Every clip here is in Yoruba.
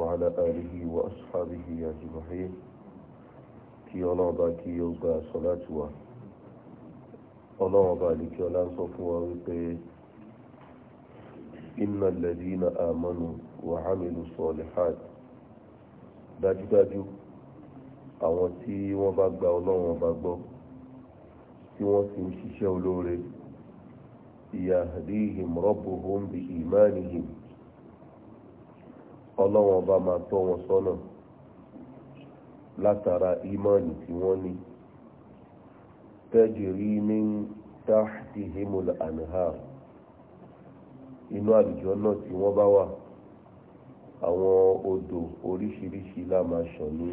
وعلى آله وأصحابه أجمعين kí ọlọ́run bá kí ó gba sọ́láàtì wa ọlọ́run bá lè kí ọlá ń sọ fún wa wípé inna alladhina amanu wa amilu salihat dájúdájú àwọn tí wọ́n bá gba ọlọ́run bá gbọ́ tí wọ́n sì ń ṣiṣẹ́ olóore yahdihim rabbuhum bi imanihim. ọlọ́wọ́n ọba máa tọ́ wọn sọ́nà látara ìmánì tí wọ́n ní rí ní táàtì himul anha inú àlùjọ náà tí wọ́n bá wà àwọn odò oríṣiríṣi la máa ṣàn ní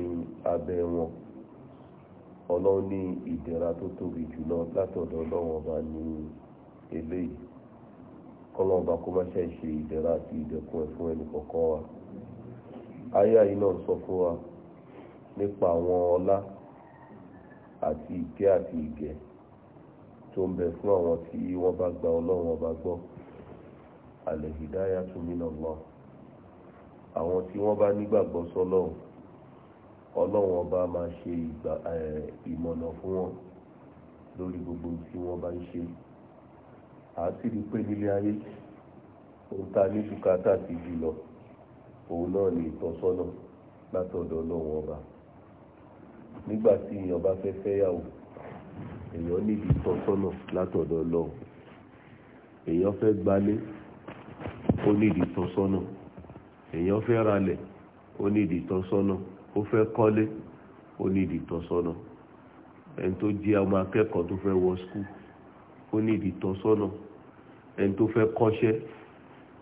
abẹ́ wọn Ọlọ́wọ́n ní ìdẹ̀ra tó tóbi jù jùlọ látọ̀dọ̀ ọlọ́wọ́n ọba ní eléyìí kọ́lọ́ọ̀ba kó má ṣe ṣe ìdẹ̀ra àti ìdẹ̀kùn ẹ̀ fún ẹnì kọ̀ọ̀kan wa. aya yìí náà sọ fún wa nípa àwọn ọlá àti ìkẹ́ àti ìgẹ̀ tó ń bẹ fún àwọn tí wọ́n bá gba ọlọ́run ọba gbọ́ àlẹ́hìdáyà tún nínú lọ àwọn tí wọ́n bá nígbàgbọ́ sọ́lọ́run ọlọ́run ọba máa ṣe ìmọ̀nà fún wọn lórí gbogbo tí wọ́n bá ń ṣe àti rí pé nílé ayé ohun tá a ní ṣùkátà ti jù òun náà ni ìtọ́sọ́nà látọ̀dọ̀ ọlọ́run ọba nígbà tí èèyàn bá fẹ́ fẹ́yàwó èèyàn níbi ìtọ́sọ́nà látọ̀dọ̀ ọlọ́run èèyàn fẹ́ gbalé ó nídi ìtọ́sọ́nà èèyàn fẹ́ ralẹ̀ ó nídi ìtọ́sọ́nà ó fẹ́ kọ́lé ó nídi ìtọ́sọ́nà ẹni tó jẹ́ ọmọ akẹ́kọ̀ọ́ tó fẹ́ wọ skul ó nídi ìtọ́sọ́nà ẹni tó fẹ́ kọ́ṣẹ́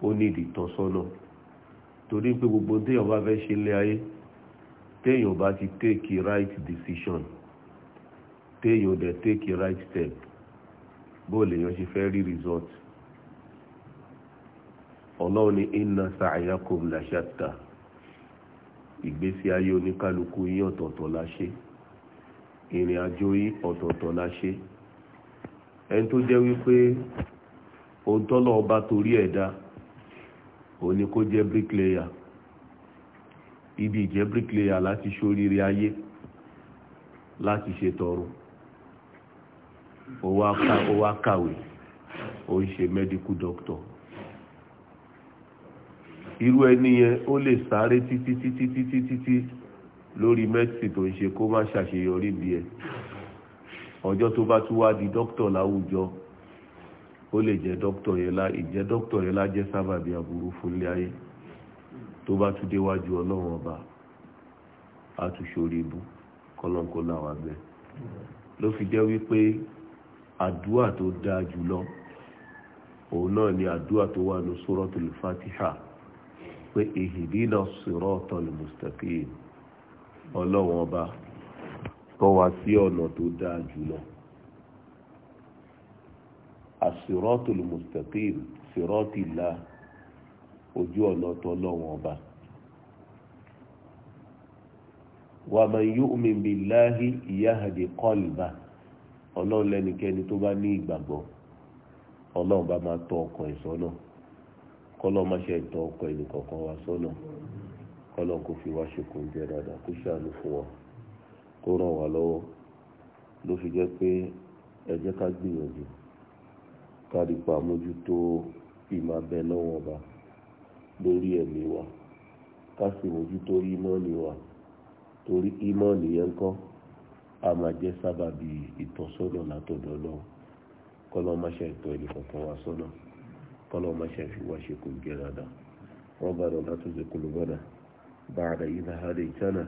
ó nídi ìtọ́sọ́nà torí pé gbogbo téèyàn bá fẹ́ ṣe lé ayé téèyàn bá ti take right decision téèyàn dẹ̀ take right step bó lèèyàn ṣe fẹ́ rí result ọlọ́run ní inna sa'yakum la shatta ìgbésí ayé oníkálukú yín ọ̀tọ̀ọ̀tọ̀ la ṣe ìrìn àjò yín ọ̀tọ̀ọ̀tọ̀ la ẹni tó jẹ́ wípé ohun tọ́lọ́ ọba torí ẹ̀dá. E O ni kó jẹ́ bricklayer ibi ìjẹ́ bricklayer láti ṣoríire ayé láti ṣe tọrọ o wá kàwé o ń ṣe medical doctor irú ẹni o ó lè sáré títí títí títí títí lórí medicine tó ń ṣe kó má ṣàṣeyọrí bí ẹ ọjọ́ tó bá tún wá di dókítà láwùjọ ó lè jẹ́ dókítọ̀ yẹn lá ìjẹ́ dókítọ̀ yẹn lá jẹ́ sábàbí aburú fúnlé ayé tó bá tún déwájú ọlọ́run ọba á tún ṣorí ibú kọ́lọ́ńkó làwọn abẹ́ ló fi jẹ́ wípé àdúà tó dáa jùlọ òun náà ni àdúà tó wà ní suratul fatiha pé ihdina siratal mustaqim ọlọ́run ọba tọ́ sí ọ̀nà tó dáa jùlọ. asirọ́tò mustaqim sirọ́tì la ojú ọ̀nà tọ́lọ́wọ́n ọba. wa man yu'min billahi yahdi qalba ọlọ́run lẹ́nikẹ́ni tó bá ní ìgbàgbọ́ ọlọ́run bá máa tọ́ ọkàn ẹ̀ sọ́nà kọ́lọ́ máa ṣe tọ́ ọkàn ẹnìkọ̀ọ̀kan wa sọ́nà kọ́lọ́ kò fi wá ṣekùn jẹ́ dáadáa kó ṣàánú fún wa kó ràn wá lọ́wọ́ ló fi jẹ́ pé ẹ jẹ́ ká gbìyànjú. kárípa mójútó ìmàbẹ lọ́wọ́ ọba lórí ẹ̀mí wa ká sì mójútó ìmọ̀ọ́nì wa torí ìmọ̀ọ́nì yẹn kọ́ a máa jẹ́ sábàbí ìtọ́sọ́nà látọ̀dọ̀ náà kọ́lọ́ má ṣe ìtọ́ ẹni kankan wá sọ́nà kọ́lọ́ má ṣe fi wá ṣe kò jẹ́ dáadáa wọ́n bá lọ láti ṣe kó ló gbọ́dọ̀ بعد إذا هديتنا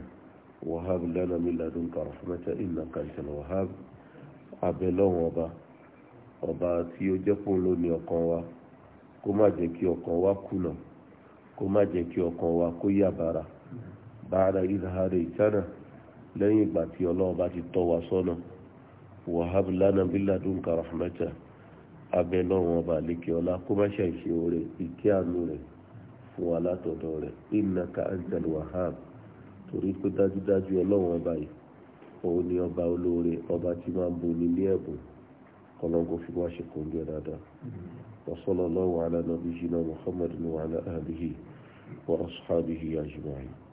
وهب لنا من لدنك رحمة إنك أنت الوهاب أبلغ وبا ọba tí ó jẹ́ pòun ló ọkàn wa kó má jẹ́ kí ọkàn wa kùnà kó má jẹ́ kí ọkàn wa kó bára lẹ́yìn ìgbà tí ọlọ́run ti tọ́ wa sọ́nà wahab lana biladunka rahmata abẹ lọ́wọ́ ọba àlékè ọlá kó má ṣe àìṣe àánú rẹ̀ fún wa látọ̀dọ̀ rẹ̀ wahab torí pé dájúdájú ọba yìí òun ni ọba ọba tí máa ń قلنقو في واشق قول وصلى الله على نبينا محمد وعلى اله وأصحابه أجمعين